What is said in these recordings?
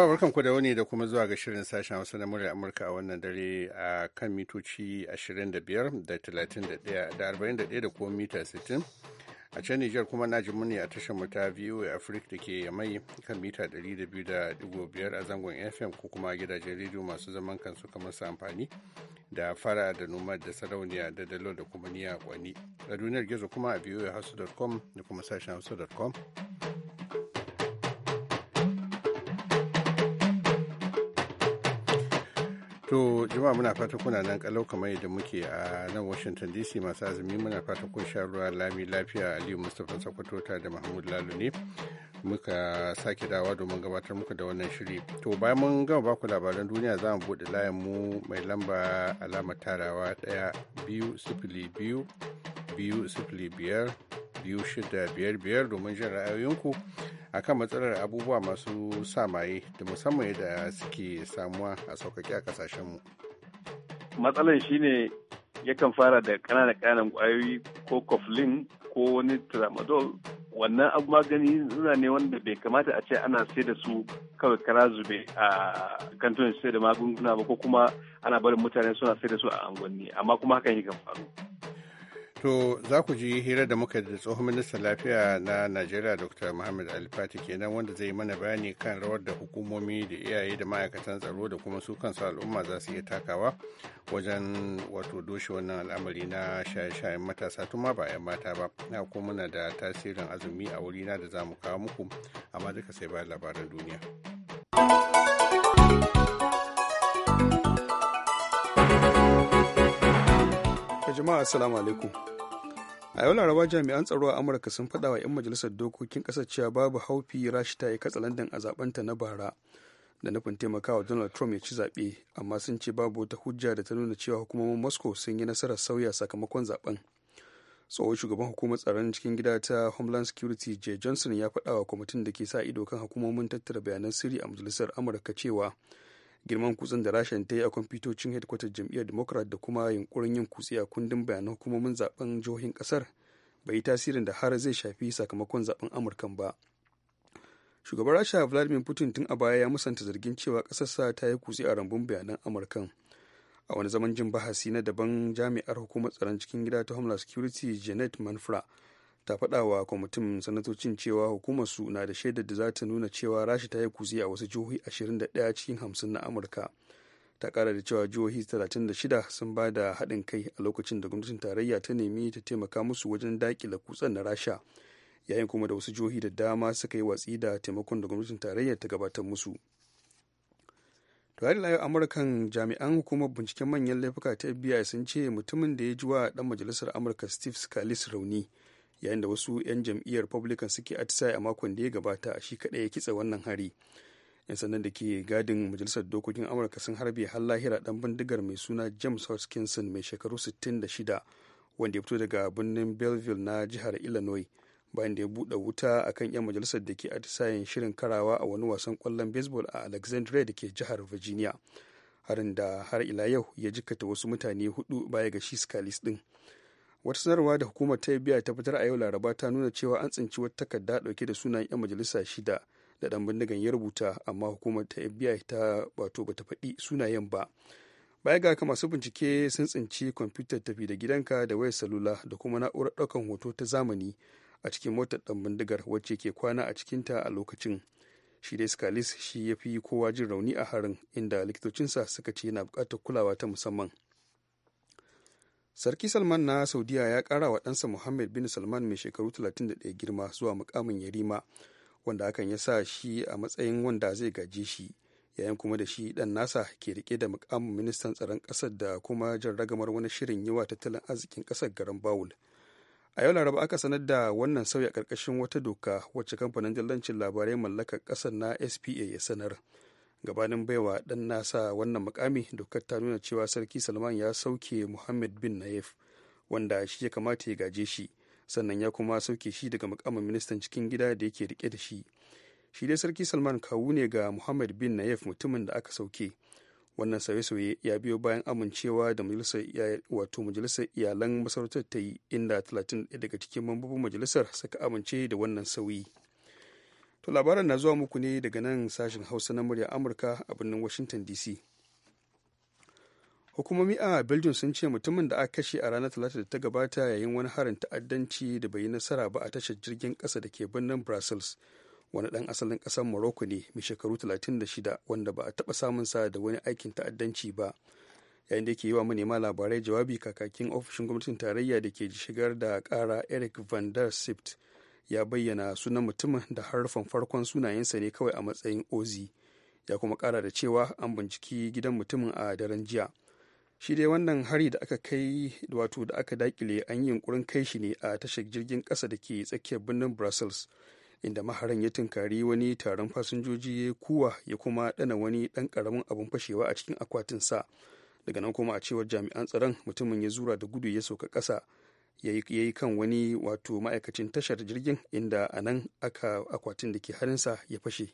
Jama'a ku da wani da kuma zuwa ga shirin sashen Hausa na murya Amurka a wannan dare a kan mitoci 25 da 31 da 41 da kuma mita 60. A can Nijar kuma na ji muni a tashar mata ta VOA Africa da ke mai kan mita 200.5 a zangon FM ko kuma gidajen rediyo masu zaman kansu kamar su amfani da fara da noma da sarauniya da dalo da kuma niya kwani. A duniyar gizo kuma a voahausa.com da kuma sashen hausa.com. To jama'a muna fata kuna nan kalau kamar yadda muke a nan Washington DC masu azumi muna fata kun sha ruwa lami lafiya Aliyu Mustapha Sakwatota da Mahmud lalu ne muka sake dawa domin gabatar muka da wannan shiri. To bayan mun gama baku labaran duniya za mu buɗe layan mu mai lamba alamar tarawa ɗaya biyu sifili biyu biyu sifili biyar 2655 domin jin ra'ayoyinku a kan matsalar abubuwa masu samaye da musamman yadda suke samuwa a sauƙaƙe a ƙasashenmu. Matsalar shine yakan fara da ƙananan ƙananan ƙwayoyi ko koflin ko wani tramadol wannan abu magani suna ne wanda bai kamata a ce ana sai da su kawai kara zube a kantonin sai da magunguna ba ko kuma ana barin mutane suna sai da su a angonni amma kuma hakan yi kan faru. To za ku ji hira da muka da tsohon minista lafiya na Najeriya Dr. Muhammad alifati kenan wanda zai mana bayani kan rawar da hukumomi da iyaye da ma'aikatan tsaro da kuma su kansu al'umma za su iya takawa wajen wato doshe wannan al'amari na shaye-shayen matasa tun ma ba 'yan mata ba. Na kuma muna da tasirin azumi a wurina da za mu kawo muku amma duka sai bayan labaran duniya. jama'a assalamu alaikum a yau laraba jami'an tsaro a amurka sun faɗa wa 'yan majalisar dokokin ƙasar cewa babu haufi rashi ta yi katsalandan a zaɓenta na bara da nufin taimakawa donald trump ya ci zaɓe amma sun ce babu wata hujja da ta nuna cewa hukumomin moscow sun yi nasarar sauya sakamakon zaɓen tsohon shugaban hukumar tsaron cikin gida ta homeland security jay johnson ya faɗa wa kwamitin da ke sa ido kan hukumomin tattara bayanan sirri a majalisar amurka cewa girman kutsen da rashin ta yi a kwamfutocin hedkwatar jam'iyyar democrat da kuma yunkurin yin kutse a kundin bayanan hukumomin zaben jihohin kasar bai yi tasirin da har zai shafi sakamakon zaben amurkan ba shugaban rasha vladimir putin tun a baya ya musanta zargin cewa ƙasarsa ta yi kutse a rambun bayanan amurkan a wani zaman jin bahasi na daban jami'ar hukumar tsaron cikin gida ta homeland security janet manfra ta faɗa wa kwamitin sanatocin cewa hukumarsu na da shaidar da za ta nuna cewa rasha ta yi kutse a wasu jihohi 21 cikin 50 na amurka ta kara da cewa jihohi 36 sun ba da haɗin kai a lokacin da gwamnatin tarayya ta nemi ta taimaka musu wajen daƙila kutsen na rasha yayin kuma da wasu jihohi da dama suka yi watsi da taimakon da gwamnatin tarayya ta gabatar musu Tuhari Layo Amurkan jami'an hukumar binciken manyan laifuka ta FBI sun ce mutumin da ya ji wa ɗan majalisar Amurka Steve Scalise rauni yayin da wasu 'yan jam'iyyar republican suke atisaye a makon da ya gabata shi kaɗai ya kitse wannan hari 'yan sandan da ke gadin majalisar dokokin amurka sun harbe har lahira dan bindigar mai suna james hoskinson mai shekaru 66 wanda ya fito daga birnin belleville na jihar illinois bayan da ya buɗe wuta a kan 'yan majalisar da ke atisayen shirin karawa a wani wasan kwallon baseball a alexandria da ke jihar virginia harin da har ila yau ya jikata wasu mutane hudu baya ga shi scalis din wata sanarwa da hukumar ta biya ta fitar a yau laraba ta nuna cewa an tsinci wata takarda dauke da sunan 'yan majalisa shida da dan bindigan ya rubuta amma hukumar ta fbi ta wato bata faɗi sunayen ba baya ga haka masu bincike sun tsinci kwamfutar tafi da gidanka da wayar salula da kuma na'urar ɗaukan hoto ta zamani a cikin motar dan bindigar wacce ke kwana a cikinta a lokacin shi dai skalis shi ya fi kowa jin rauni a harin inda likitocinsa suka ce yana bukatar kulawa ta musamman sarki salman na saudiya ya kara wa ɗansa muhammad bin salman mai shekaru 31 girma zuwa mukamin yarima wanda hakan ya sa shi a matsayin wanda zai gaje shi yayin kuma da shi ɗan nasa ke rike da mukamin ministan tsaron ƙasar da kuma jan ragamar wani shirin yawa tattalin arzikin ƙasar garin bawul a yau laraba aka sanar da wannan sauya ƙarƙashin wata doka wacce kamfanin dillancin labarai mallakar ƙasar na spa ya sanar gabanin baiwa dan nasa wannan mukami dokar ta nuna cewa sarki salman ya sauke muhammad bin nayef wanda shi ya kamata ya gaje shi sannan ya kuma sauke shi daga mukamin ministan cikin gida da yake rike da shi shi dai sarki salman kawu ne ga muhammad bin nayef mutumin da aka sauke wannan sauye-sauye ya biyo bayan amincewa da majalisar wato majalisar iyalan masarautar ta yi inda 31 daga cikin mambobin majalisar suka amince da wannan sauyi To labaran na zuwa muku ne daga nan sashen Hausa na murya Amurka a birnin Washington DC. Hukumomi a Belgium sun ce mutumin da aka kashe a ranar Talata da ta gabata yayin wani harin ta'addanci da bai yi nasara ba a tashar jirgin ƙasa da ke birnin Brussels. Wani ɗan asalin ƙasar Morocco ne mai shekaru 36 wanda ba a taɓa samun sa da wani aikin ta'addanci ba. Yayin da yake yi wa manema labarai jawabi kakakin ofishin gwamnatin tarayya da ke shigar da ƙara Eric van der Sipt. ya bayyana sunan mutumin da harfan farkon sunayensa ne kawai a matsayin ozi ya kuma kara da cewa an binciki gidan mutumin a daren jiya shi dai wannan hari da aka kai wato da aka dakile an yi yunkurin kai shi ne a tashar jirgin ƙasa da ke tsakiyar birnin brussels inda maharan ya tunkari wani taron fasinjoji kuwa ya kuma dana wani ɗan ƙaramin abun fashewa a cikin akwatin sa daga nan kuma a cewar jami'an tsaron mutumin ya zura da gudu ya sauka ƙasa ya yi kan wani wato ma'aikacin tashar jirgin inda a nan aka akwatin da ke harinsa ya fashe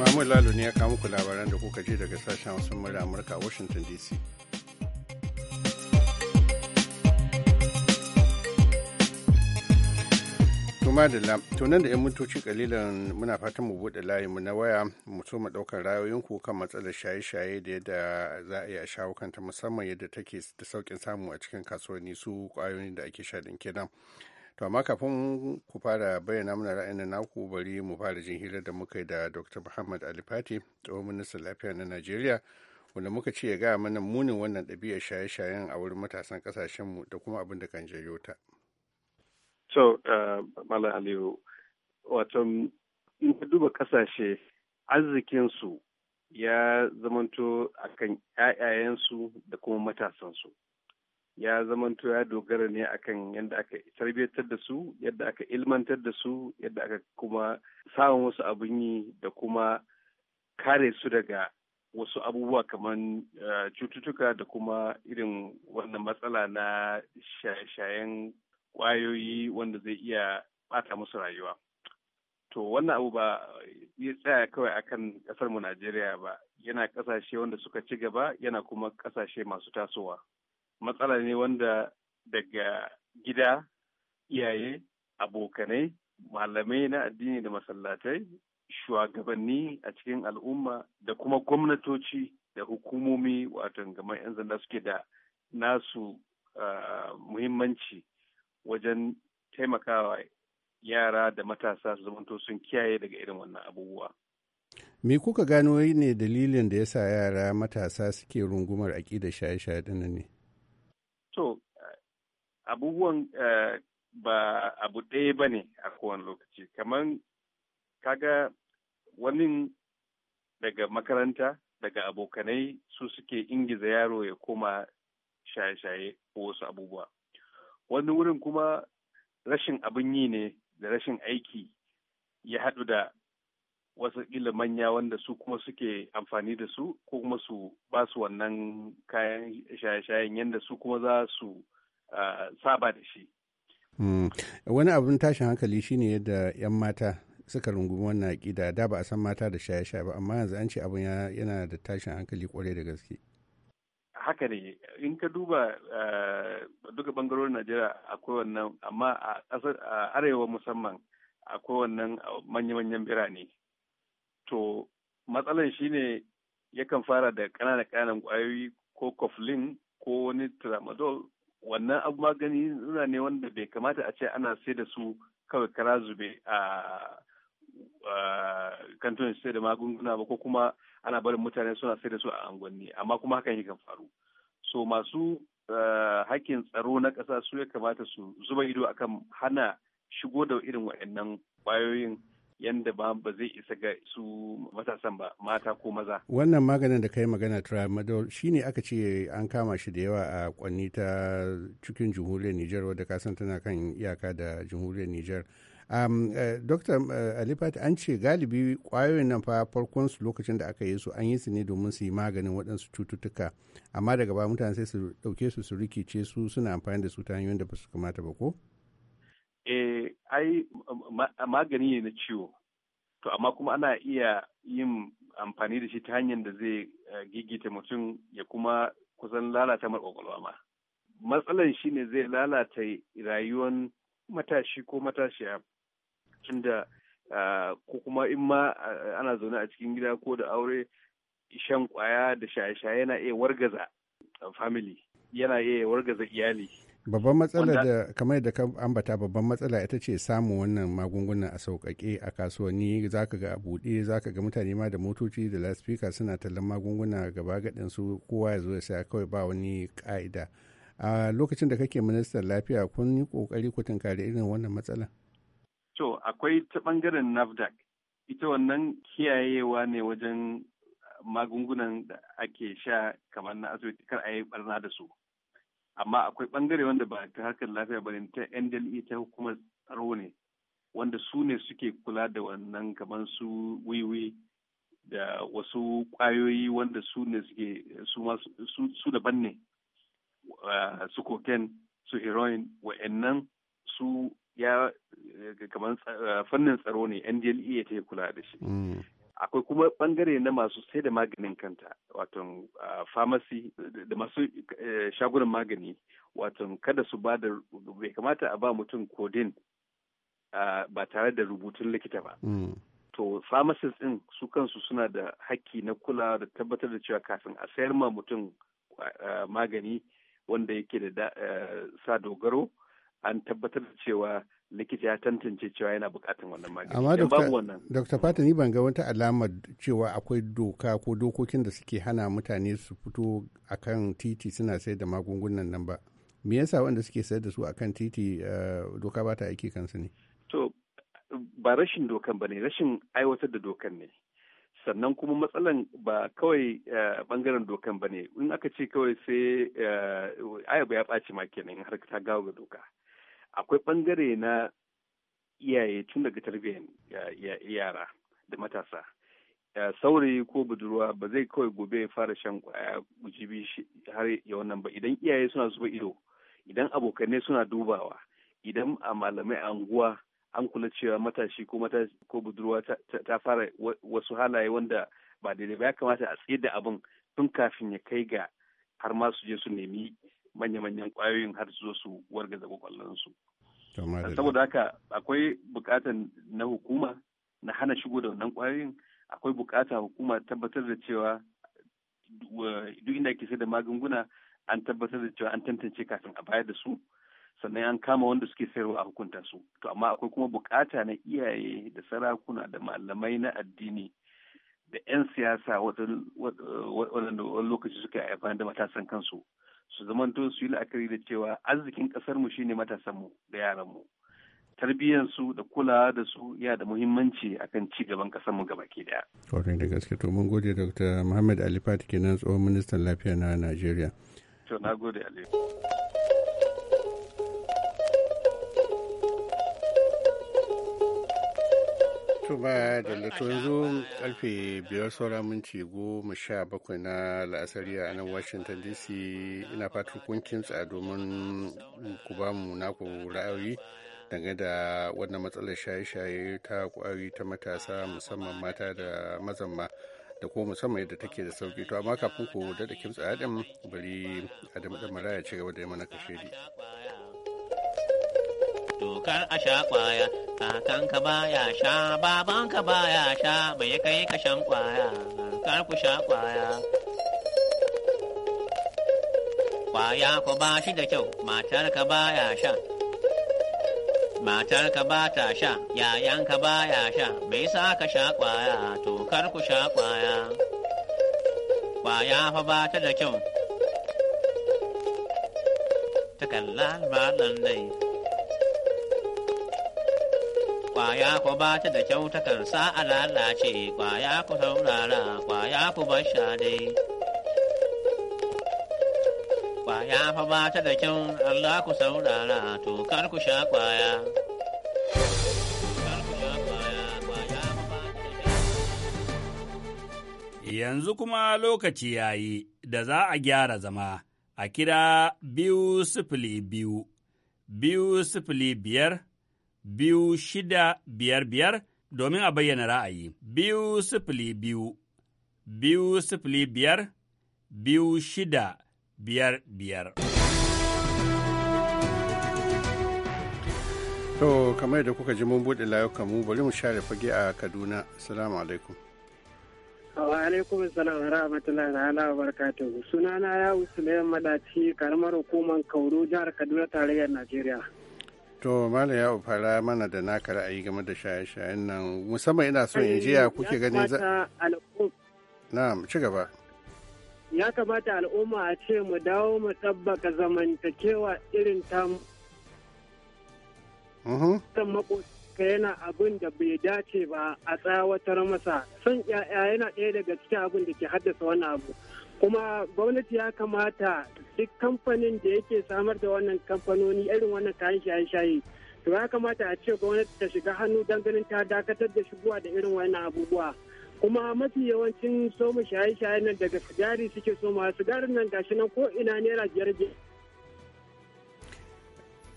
Mahmud Lalo ne ya kawo muku labaran da kuka je daga sashen wasu murya Amurka a Washington DC. to da la nan da 'yan mintoci kalilan muna fatan mu buɗe layinmu na waya mu so mu ɗaukar rayoyinku kan matsalar shaye-shaye da yadda za a yi a shawo kanta musamman yadda take da saukin samu a cikin kasuwanni su ƙwayoyin da ake shaɗin kenan to amma kafin ku fara bayyana muna ra'ayin naku bari mu fara jin hirar da muka yi da dr muhammad ali fati tsohon ministan lafiya na najeriya wanda muka ce ya gaya mana munin wannan ɗabi'ar shaye-shayen a wurin matasan ƙasashenmu da kuma abin da kan jayo ta So, eh, Malam Aliyu, wato in ka duba kasashe arzikinsu ya zamanto kan ‘ya'yayensu da kuma matasansu. Ya zamanto ya dogara ne a kan yadda aka tarbiyyatar da su, yadda aka ilmantar da su, yadda aka kuma samun wasu abin yi da kuma kare su daga wasu abubuwa kamar eh, cututtuka da kuma irin wannan matsala na shayen kwayoyi wanda zai iya bata musu rayuwa. To wannan abu ba ya tsaya kawai a akan mu Najeriya ba, yana ƙasashe wanda suka ci gaba yana kuma ƙasashe masu tasowa. Matsala ne wanda daga gida, iyaye, abokanai, malamai na addini da masallatai, shugabanni a cikin al'umma da kuma gwamnatoci da hukumomi wato gaban 'yan zanda suke da nasu ah, muhimmanci wajen taimakawa yara da matasa su zamanto sun kiyaye daga irin wannan abubuwa. Me kuka gano ne dalilin da ya sa yara matasa suke rungumar aƙi da shaye-shaye ɗin ne? To, abubuwan eh, ba abu ɗaya ba ne a kowane lokaci. Kamar kaga wani daga makaranta, daga abokanai su suke ingiza yaro ya koma shaye-shaye ko wasu abubuwa. wani wurin kuma rashin abin yi ne da rashin aiki ya haɗu da wasu ƙila manya wanda su kuma suke amfani da su ko kuma su ba su wannan kayan shaye-shayen yadda su kuma za su saba da shi. Hmm. Wani abin tashin hankali shine yadda 'yan mata suka rungumi wannan aƙida da ba a san mata da shaye-shaye ba amma yanzu an ce abin yana da tashin hankali kwarai da gaske. haka ne in ka duba eh, duka bangarorin najeriya akwai wannan amma a arewa musamman akwai wannan manya-manyan birane to matsalar shine yakan fara da ƙananan ƙananan ƙwayoyi ko koflin ko wani tramadol wannan abu magani zuna ne wanda bai kamata a ce ana sai da su kawai kara zube a kantonin sai da magunguna ba ko kuma ana barin mutane suna sai da su a angonni amma kuma hakan yakan faru so masu eh, hakkin tsaro na ƙasa su ya kamata su zuba ido akan hana shigo da irin waɗannan ƙwayoyin yanda ba ba zai isa ga su matasan ba mata ko maza. Wannan maganin da kai magana tramadol shine shine aka ce an kama shi da yawa a kwanni ta cikin jamhuriyar Nijar wadda kasan tana kan iyaka da jamhuriyar Nijar. um, uh, eh, dr uh, eh, alifat an ce galibi kwayoyin nan fa farkon su lokacin da aka yi su an yi su ne domin su yi maganin waɗansu cututtuka amma daga ba mutane sai su ɗauke su su rikice su suna amfani da su ta hanyoyin da ba su kamata ba ko eh ai magani ne na ciwo to amma kuma ana iya yin amfani da shi ta hanyar da zai eh, gigita mutum ya kuma kusan lalata mar kwakwalwa ma matsalan shine zai lalata rayuwar matashi ko matashiya tunda ah, ko kuma in ma ah, ana zaune a cikin gida ko da aure shan kwaya da shaye-shaye yana iya wargaza family yana iya wargaza iyali babban matsala da kamar da ka ambata babban matsala ita ce samun wannan magunguna a sauƙaƙe a kasuwanni za ka ga a buɗe za ka ga mutane ma da motoci da laspika suna tallan magunguna gaba gaɗin su kowa ya zo ya saya kawai ba wani ƙa'ida a ah, lokacin da kake ministan lafiya kun yi ƙoƙari ku tunkari irin wannan matsala To, akwai ta bangaren NAFDAC, ita wannan kiyayewa ne wajen eh, magungunan da ake sha kamar na asibiti kar a yi barna da su. Amma akwai ɓangare wanda ba ta harkar lafiya ba ne ta NDLE ta hukumar tsaro ne, wanda su ne suke kula da wannan kamar su wiwi da wasu ƙwayoyi wanda su ne suke su daban ne, eh, su cocaine, su heroin, wa'annan su ya eh, kamar eh, fannin tsaro ne ndle ta kula da shi mm. akwai kuma bangare na masu sai da maganin kanta wato ah, pharmacy da masu eh, shagunan magani wato kada su ba da bai kamata a ba mutum kodin ah, ba tare da rubutun likita ba mm. to pharmacist din su kansu suna da hakki na kula da tabbatar da cewa kafin a sayar ma mutum ah, magani wanda yake da sa dogaro an tabbatar da cewa likita ya tantance cewa yana bukatan wannan magani. Amma Dr. Fata ni ban ga wata alamar cewa akwai doka ko dokokin da suke hana mutane su fito akan titi suna sayar da magungunan nan ba. Me yasa wanda suke sayar da su akan titi eh, doka ba ta aiki kansu ne? To ba rashin dokan ba ne rashin aiwatar da dokan ne. sannan kuma matsalan ba kawai bangaren eh, dokan ba ne in aka ce kawai sai eh, ayaba ya ɓaci ma kenan har ta gawo ga doka akwai bangare na iyaye tun daga tarbiyyar yara da matasa saurayi ko budurwa ba zai kawai gobe ya fara shan kwaya jibi har ya wannan ba idan iyaye suna zuba ido idan abokanai suna dubawa idan a malamai a anguwa an kula cewa matashi ko ko budurwa ta fara wasu halaye wanda ba daidai ba ya kamata a tsaye da abin tun kafin ya kai ga har ma su je su nemi manya-manyan kwayoyin har su zo su wargaza kwakwallonsu. Saboda haka akwai bukatan na hukuma na hana shigo da wannan kwayoyin akwai bukata hukuma tabbatar da cewa duk inda ke sai da magunguna an tabbatar da cewa an tantance kafin a bayar da su sannan an kama wanda suke sayarwa a hukunta su to amma akwai kuma bukata na iyaye da sarakuna da malamai na addini da 'yan siyasa waɗanda wani lokaci suke haifar da matasan kansu su zamanto su yi la'akari da cewa arzikin ƙasarmu shine matasanmu da yaranmu su da kulawa da su ya da muhimmanci akan ci gaban mu gaba ke daya. Kwarai da gaske to mun gode Dr. Muhammad Ali Fati kenan tsohon ministan lafiya na Najeriya. To na gode Ali. to ba da karfe biyar saura minti goma sha bakwai na la'asari a nan washington dc ina fatan kun kintsa domin ku ba mu naku ra'ayoyi dangane da wannan matsalar shaye-shaye ta kwari ta matasa musamman mata da mazamma da ko musamman yadda take da sauki to amma kafin ku daɗa kimtsa haɗin bari adam ɗan maraya ci gaba da yi mana kashe dokar a sha kakanka baya sha babanka baya sha bai kai ka shan kwaya kar ku sha kwaya kwaya ku ba shi da kyau matarka baya sha matarka ba ta sha yayanka baya sha bai sa ka sha kwaya to kar ku sha kwaya kwaya fa ba ta da kyau ta kalla malam dai kwaya ku ba ta da kyau takan sa a lalace kwaya ku saurara kwaya ku basha shade. Kwaya fa ba ta da kyau Allah ku saurara to kar ku sha kwaya. Yanzu kuma lokaci ya yi da za a gyara zama a kira biyu sifili biyu, biyu sifili biyar biyu shida biyar biyar domin a bayyana ra'ayi. Biyu sifili biyu, biyu sifili biyar, biyu shida biyar biyar. To, kamar da kuka ji mun buɗe layukan mu bari mu share fage a Kaduna. Salamu alaikum. Wa alaikum salam rahmatullahi ta'ala wa barakatuhu. Sunana ya Suleiman Madaci, karamar hukumar Kauru, jihar Kaduna, tarayyar Najeriya. To Mala ya fara mana da naka ra'ayi game da shaye-shayen nan musamman ina son in jiya eh, kuke ganin za. ci gaba. Ya kamata al'umma a ce mu dawo mu tabbaka zamantakewa irin tamu. Kan mm-hmm. makocinka yana abin da bai dace ba a tsawatar masa. Son 'ya'ya yana ɗaya daga cikin abin da ke haddasa wani abu. kuma gwamnati ya kamata duk kamfanin da yake samar da wannan kamfanoni irin wannan kayan shaye-shaye to ya kamata a ce gwamnati ta shiga hannu don ganin ta dakatar da shigowa da irin wannan abubuwa kuma mafi yawancin soma shaye-shaye nan daga sigari suke soma sigarin nan gashi nan ko ina naira biyar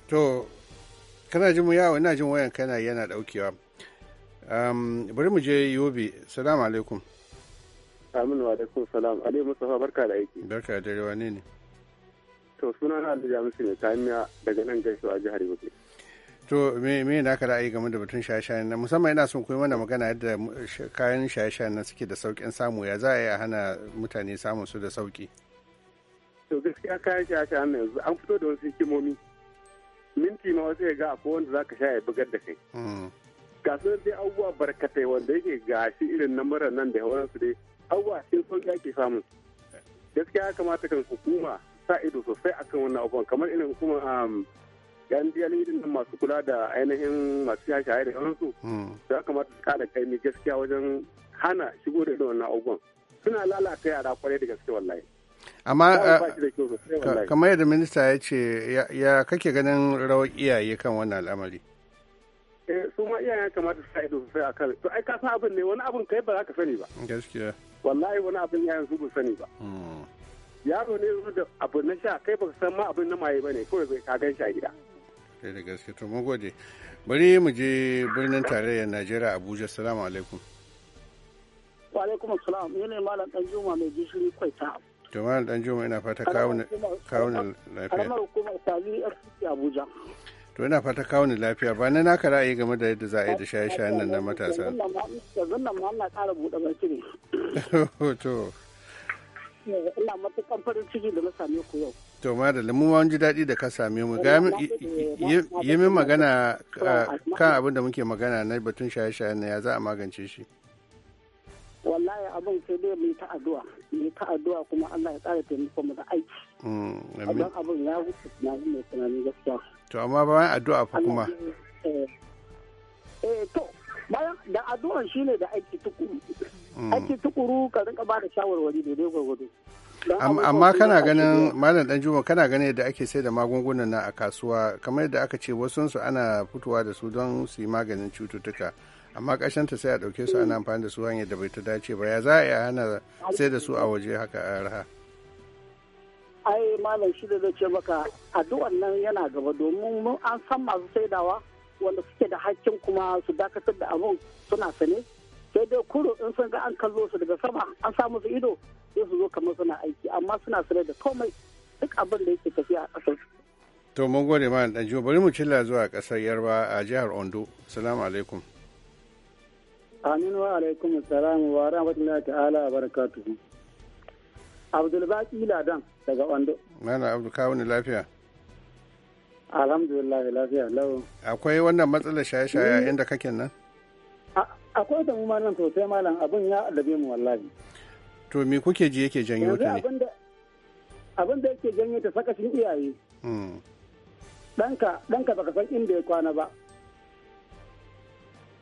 to kana jin yawo ina jin wayan kana yana daukewa bari mu je yobe salamu alaikum aminu wa alaikum salam. Aliyu Mustapha barka da aiki. Barka da rewa ne ne. To suna na Alhaji Hamisu ne ta daga nan a jihar Yobe. To me me na ka ra'ayi game da batun shaye-shayen nan musamman ina son koyi mana magana yadda kayan shaye-shayen nan suke da sauƙin samu ya za a yi a hana mutane samun su da sauƙi. To gaskiya kayan shaye-shayen na yanzu an fito da wasu hikimomi. Minti ma wasu ga a wanda za ka sha ya bugar da kai. Hmm. Ga su dai abubuwa barkatai wanda yake gashi irin na mara nan da su dai abubuwa sai sun ake samu gaskiya ya kamata kan hukuma sa ido sosai akan wannan abubuwan kamar irin hukumar um, yan diyalidin nan masu kula da ainihin masu ya a da yawansu hmm. ya kamata da kada kaimi gaskiya wajen hana shigo da irin wannan abubuwan suna lalata yara kwarai da gaske wallahi amma uh, kamar yadda minista ya ce ya kake ganin rawar iyaye kan wannan al'amari eh, su ma iyayen kamata su sa ido sosai akan to ai ka san abin ne wani abin kai ba za ka sani ba gaskiya wallahi wani abin yanzu ba sani ba hmm. yaro ne da abu na sha kai baka san ma abin na maye ne kawai bai ka gan shi a gida Kai da gaske to mun gode bari mu je birnin tarayyar Najeriya Abuja assalamu alaikum wa alaikum assalam ni ne malam dan Juma mai gishiri kwaita to malam dan Juma ina fata kawo kawo lafiya Kamar hukumar Sali Abuja to ina fata kawo ni lafiya ba na naka ra'ayi game da yadda za a yi da shaye-shayen nan na matasa yanzu nan ma ana ƙara buɗe baki ne to ina matukan farin ciki da na same ku yau to ma da lamu ma ji daɗi da ka same mu ga yi min magana kan abin da muke magana na batun shaye-shayen na ya za a magance shi wallahi abin sai dai mai yi ta addu'a ta addu'a kuma Allah ya ƙara taimako mu da aiki mm, abin abin ya wuce tunani mai tunani gaskiya to amma bayan addu'a fa kuma eh, eh to bayan da addu'a shine da aiki tukuru mm. aiki tukuru ka rinka ba da shawarwari dai amma kana ganin malam dan juma kana ganin yadda ake sai da magungunan na a kasuwa kamar yadda aka ce wasu su ana fitowa da su don su yi maganin cututtuka amma kashin ta sai a ɗauke su ana amfani da su hanyar da bai ta dace ba ya za a hana sai da su a waje haka a raha ai malam shi da zai ce maka addu'an nan yana gaba domin mun an san masu saidawa wanda suke da hakkin kuma su dakatar da abun suna sane sai dai kuro in sun ga an kallo su daga sama an samu su ido sai su zo kamar suna aiki amma suna sane da komai duk abin da yake tafiya a kasar. to mun gode ma dan jiwo bari mu cilla zuwa kasar yarba a jihar ondo assalamu alaikum aminu wa alaikum assalam wa rahmatullahi ta'ala wa barakatuhu Abdulbaki Ladan daga Ondo. Mana Abdu kawo ni lafiya. Alhamdulillah lafiya lau. Akwai wannan matsalar shaye-shaye inda kake nan? Akwai ta mu malam sosai malam abin ya addabe mu wallahi. To me kuke ji yake janyo ta ne? Abin da yake janyo ta sakashin iyaye. Hmm. Ɗanka danka baka san inda ya kwana ba.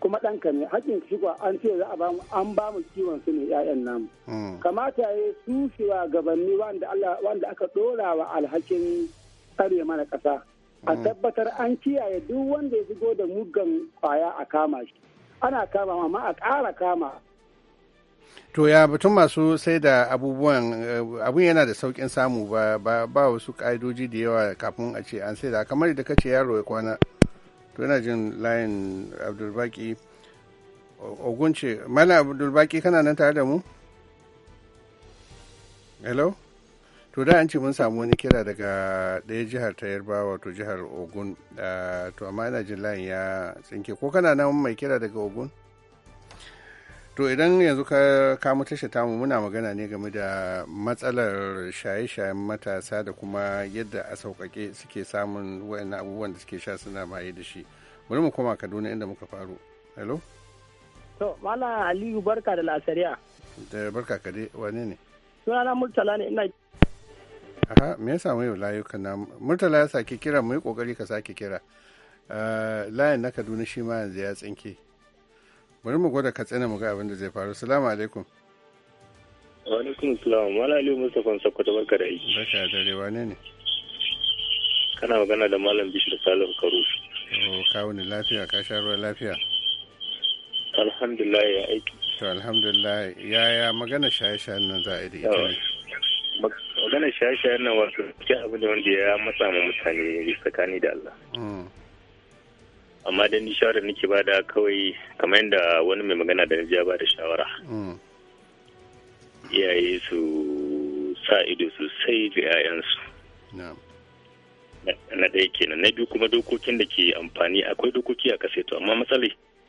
kuma ɗanka ne hakin shi kuwa an ce za a ba mu an ba mu kiwon su ne ƴaƴan namu hmm. kamata ya su gabanni wanda Allah wanda aka dora wa alhakin tsare mana ƙasa a hmm. tabbatar an kiyaye duk wanda ya shigo da muggan kwaya a kama shi ana kama amma a ƙara kama to ya batun masu sai da abubuwan eh, abun yana da saukin samu ba ba wasu ƙa'idoji da yawa kafin a ce an sai da kamar da kace yaro ya kwana to yana jin layin abdulbaki ogunce mana abdulbaki kana nan tare da mu hello to da an ce mun samu wani kira daga ɗaya jihar ta yarba wato jihar ogun ah, to amma yana jin layin ya tsinke ko kana nan mai kira daga ogun to idan yanzu ka kamo tashi tamu muna magana ne game da matsalar shaye-shayen matasa da kuma yadda a sauƙaƙe suke samun wayannan abubuwan da suke sha suna maye da shi bari mu koma kaduna inda muka faru hello to mala aliyu barka da lasariya da barka ka dai wane ne sunana murtala ne ina aha me ya samu yau layuka na murtala ya sake kira mu yi kokari ka sake kira ah, layin na kaduna shi ma yanzu ya tsinke bari mu gwada ka mu ga abin da zai faru salamu alaikum alaikum salam mala mustapha barka da aiki barka da dare wane ne kana magana da malam bishir salihu karusu oh kawo ne lafiya ka sha ruwa lafiya alhamdulillah ya aiki to alhamdulillah yaya magana shaye-shayen nan za a yi da magana shaye-shayen nan wato ke abu da wanda ya matsa ma mutane tsakani da Allah mm. amma dan ni shawarar nake bada kawai kamar yadda wani mai magana da ya ba da shawara mm. iyaye su sa ido sosai ga 'ya'yansu na ɗaya kenan na biyu kuma dokokin da ke amfani akwai dokoki a kaseto amma matsala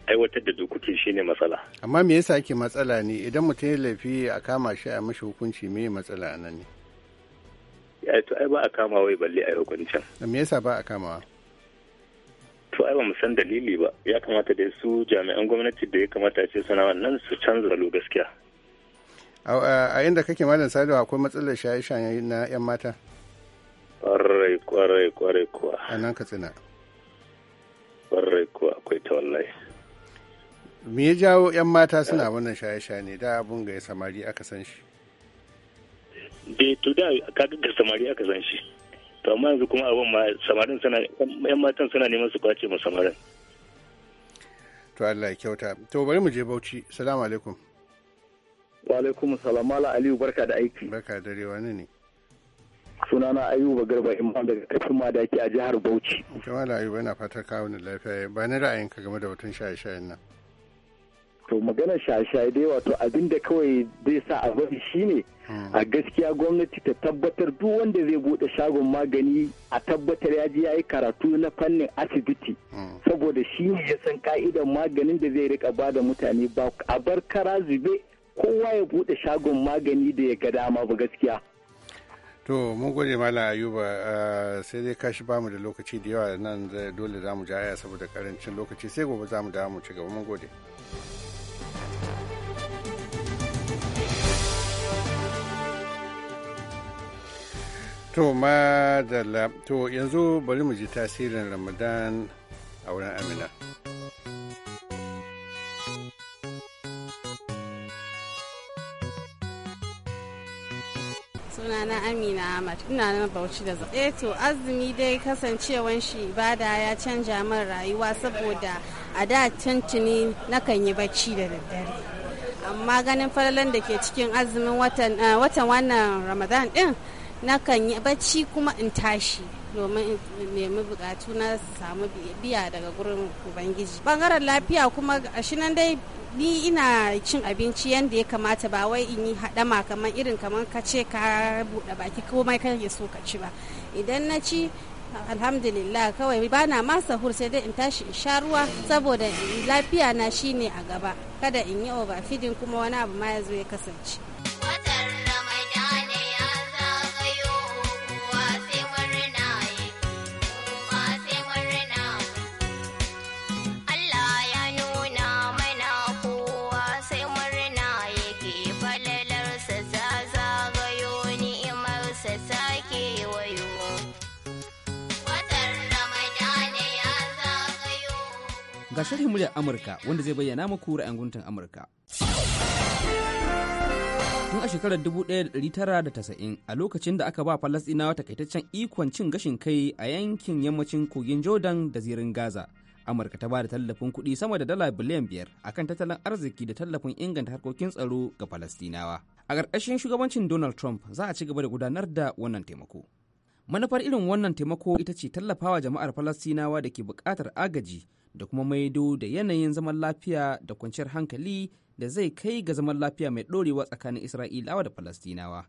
aiwatar da dokokin shine matsala amma me yasa ake matsala ne idan mutum ya laifi a kama shi a mashi hukunci me matsala nan ne ai ba a kama wai balle a hukuncin me yasa ba a kamawa to ai ba mu san dalili ba ya kamata da su jami'an gwamnati da ya kamata ce suna wannan su canza salo gaskiya a inda kake malam salihu akwai matsalar shaye-shaye na 'yan mata kwarai kwarai kwarai kuwa a nan katsina kwarai kuwa akwai ta wallahi me ya jawo 'yan mata suna wannan shaye-shaye ne da abun ga samari aka san shi da eh, to da kaga ga samari aka san shi to amma yanzu kuma abin ma samarin suna yan matan suna neman su kwace mu samarin to Allah ya kyauta to bari mu je Bauchi assalamu alaikum wa alaikum assalam mala aliyu barka da aiki barka da rewa ne ne sunana ayuba garba imam daga kafin madaki a jihar Bauchi kamar ayuba yana fatar kawo lafiya ba ni ra'ayinka game da batun shaye-shayen nan wato magana shaye dai wato abin da kawai zai sa a bari shine ah. a gaskiya gwamnati ta tabbatar duk wanda zai bude shagon magani a tabbatar ya ji ya yi karatu na fannin asibiti ah. saboda shi ne ya san ka'idan maganin da zai rika ba da mutane ba a bar kara zube kowa ya bude shagon magani da ya ga dama ba gaskiya to mun gode malam ayuba ah, sai dai kashi bamu da lokaci da yawa nan dole za mu jaya saboda karancin lokaci sai gobe zamu mu dawo mu ci gaba mun gode To madalla to yanzu bari mu ji tasirin Ramadan a wurin Amina. sunana amina ahmad ina nan bauchi da zaɓe eh to azumi dai kasancewan shi ibada ya canja min rayuwa saboda a da tuntuni nakan yi bacci da daddare amma ganin falalan da ke cikin azumin watan eh, wannan ramadan din nakan yi bacci kuma in tashi domin nemi bukatu na samu biya daga gurin ubangiji bangaren lafiya kuma a nan dai ni ina cin abinci yadda ya kamata ba wai in yi haɗama kamar irin kamar ka ce ka buɗe baki komai ya so ka ci ba idan na ci alhamdulillah kawai ba na ma sahur dai in tashi in sha ruwa saboda lafiya na shine a gaba kada in yi overfeeding kuma wani abu ma ya zo ya kasance Ga sharhin muryar Amurka wanda zai bayyana muku ra'ayin guntun Amurka. Tun a shekarar dubu ɗaya da da tara 1990 a lokacin da aka ba Falasɗinawa takaitaccen ikon cin gashin kai a yankin yammacin kogin Jordan da zirin Gaza. Amurka ta ba da tallafin kuɗi sama da dala biliyan biyar akan tattalin arziki da tallafin inganta harkokin tsaro ga Falastinawa. A ƙarƙashin shugabancin Donald Trump za a ci gaba da gudanar da wannan taimako. Manufar irin wannan taimako ita ce tallafawa jama'ar Falastinawa da ke buƙatar agaji da kuma maido da yanayin zaman lafiya da kwanciyar hankali da zai kai ga zaman lafiya mai ɗorewa tsakanin Isra'ilawa da Falastinawa.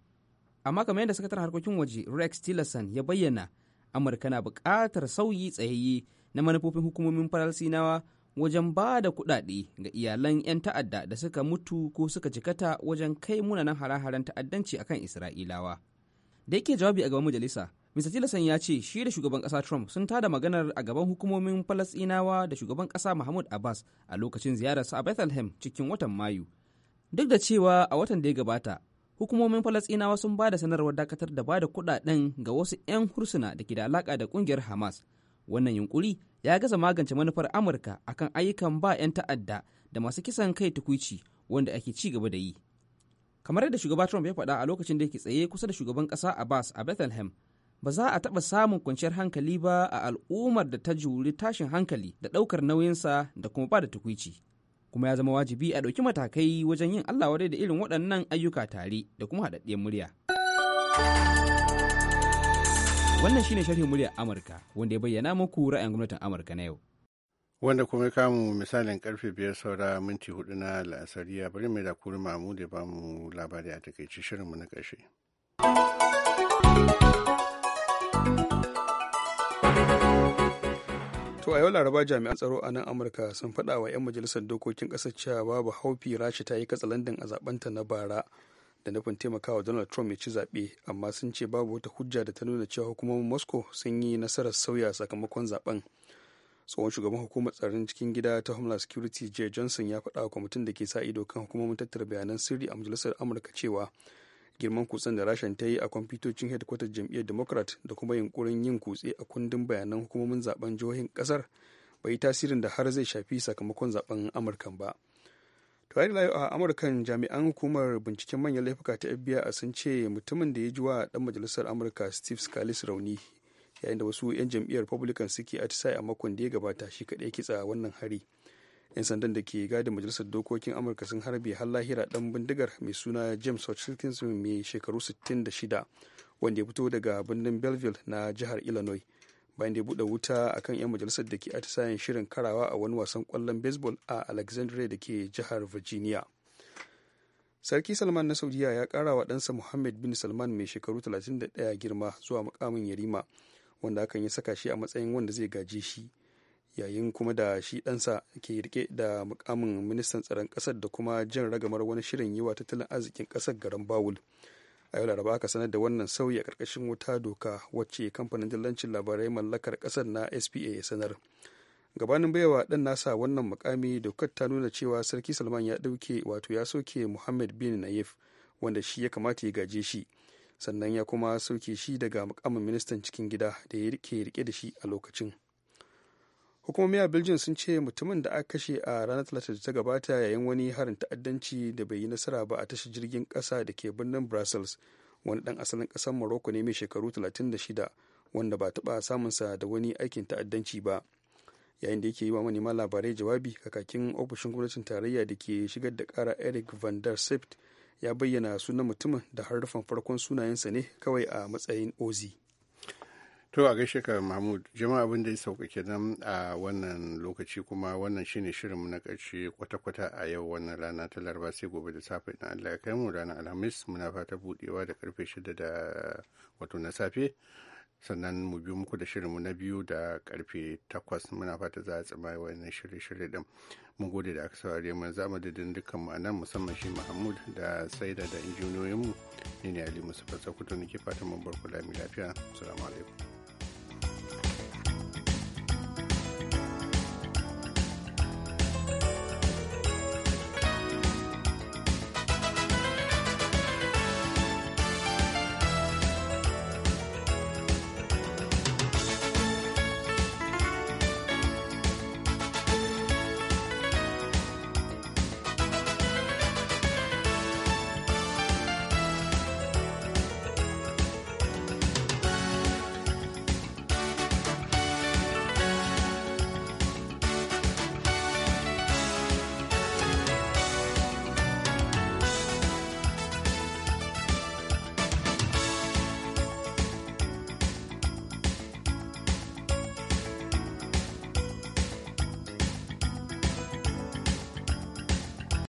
Amma kamar yadda sakatar harkokin waje Rex Tillerson ya bayyana, Amurka na buƙatar sauyi tsayayye na manufofin hukumomin Falastinawa wajen ba da kuɗaɗe ga iyalan 'yan ta'adda da suka mutu ko suka jikata wajen kai munanan hare-haren ta'addanci akan Isra'ilawa. Da yake jawabi a gaban majalisa, Mr. Tillerson ya ce shi da shugaban kasa Trump sun tada maganar a gaban hukumomin Falasɗinawa da shugaban kasa Mahmud Abbas a lokacin ziyararsa a Bethlehem cikin watan Mayu. Duk da cewa a watan da ya gabata, hukumomin Falasɗinawa sun ba da sanarwar dakatar da ba da kuɗaɗen ga wasu 'yan hursuna da ke da alaƙa da ƙungiyar Hamas. Wannan yunƙuri ya gaza magance manufar Amurka akan ayyukan ba 'yan ta'adda da masu kisan kai tukuici wanda ake ci gaba da yi. Kamar yadda shugaba Trump ya faɗa a lokacin da yake tsaye kusa da shugaban ƙasa Abbas a Bethlehem, ba za a taɓa samun kwanciyar hankali ba a al'ummar da ta juri tashin hankali da ɗaukar nauyinsa da kuma ba da tukwici kuma ya zama wajibi a ɗauki matakai wajen yin Allah wadai da irin waɗannan ayyuka tare da kuma haɗaɗɗiyar murya. Wannan shine sharhin murya Amurka wanda ya bayyana muku ra'ayin gwamnatin Amurka na yau. Wanda kuma ya kamu misalin karfe biyar saura minti hudu na la'asariya bari mai da kuri mamu da bamu labari a takaici shirinmu na ƙarshe. To a yau laraba jami'an tsaro a nan Amurka sun faɗa wa 'yan majalisar dokokin ƙasar cewa babu haufi rashi ta yi katsalandan a zaɓenta na bara da nufin taimakawa Donald Trump ya ci zaɓe amma sun ce babu wata hujja da ta nuna cewa hukumomin Moscow sun yi nasarar sauya sakamakon zaɓen. Tsohon shugaban hukumar tsaron cikin gida ta Homeland Security Jay Johnson ya faɗa wa kwamitin da ke sa ido kan hukumomin tattara bayanan sirri a majalisar Amurka cewa girman kutsen da rashin ta yi a kwamfutocin headquarter jam'iyyar democrat da kuma yunkurin yin kutse a kundin bayanan hukumomin zaben jihohin kasar bai tasirin da har zai shafi sakamakon zaben amurkan ba tare da a amurkan jami'an hukumar binciken manyan laifuka ta fbi sun ce mutumin da ya ji wa dan majalisar amurka steve scalise rauni yayin da wasu 'yan jam'iyyar republican suke atisaye a makon da ya gabata shi kaɗai kitsa wannan hari 'yan sandan da ke gadin majalisar dokokin amurka sun harbe har lahira dan bindigar mai suna james hutchinson mai shekaru 66 wanda ya fito daga birnin belleville na jihar illinois bayan da ya buɗe wuta a kan 'yan majalisar da ke atisayen shirin karawa a wani wasan kwallon baseball a alexandria da ke jihar virginia sarki salman na saudiya ya kara wa ɗansa muhammad bin salman mai shekaru 31 girma zuwa mukamin yarima wanda hakan ya saka shi a matsayin wanda zai gaje shi yayin kuma da shi ɗansa ke rike da mukamin ministan tsaron ƙasar da kuma jin ragamar wani shirin yi wa tattalin arzikin ƙasar garin bawul a yau laraba aka sanar da wannan sauyi a ƙarƙashin wuta doka wacce kamfanin dillancin labarai mallakar ƙasar na spa ya sanar gabanin baiwa ɗan nasa wannan mukami dokar ta nuna cewa sarki salman ya ɗauke wato ya soke muhammad bin nayef wanda shi ya kamata ya gaje shi sannan ya kuma sauke shi daga mukamin ministan cikin gida da ya rike rike da shi a lokacin hukumomi a belgium sun ce mutumin da aka kashe a ranar talata da ta gabata yayin wani harin ta'addanci da bai yi nasara ba a tashar jirgin kasa da ke birnin brussels wani dan asalin kasar morocco ne mai shekaru 36 wanda ba taɓa samunsa da wani aikin ta'addanci ba yayin da yake yi wa manema labarai jawabi kakakin ofishin gwamnatin tarayya da ke shigar da kara eric van der sept ya bayyana sunan mutumin da harufan farkon sunayensa ne kawai a matsayin ozi To a gaishe ka Mahmud, jama'a abin da ya sauƙaƙe nan a wannan lokaci kuma wannan shine shirinmu na ƙarshe kwata-kwata a yau wannan rana ta laraba sai gobe da safe na Allah ya kai mu rana Alhamis muna fata buɗewa da karfe shida da wato na safe. sannan mu biyu muku da shirinmu na biyu da karfe takwas muna fata za a tsamaye wannan shirye-shirye din mu gode da aka saurare mu za mu didin dukkan mu anan musamman shi mahmud da saida da injiniyoyinmu ne ne ali musa fasa kudu ke fatan mu bar ku lami lafiya assalamu alaikum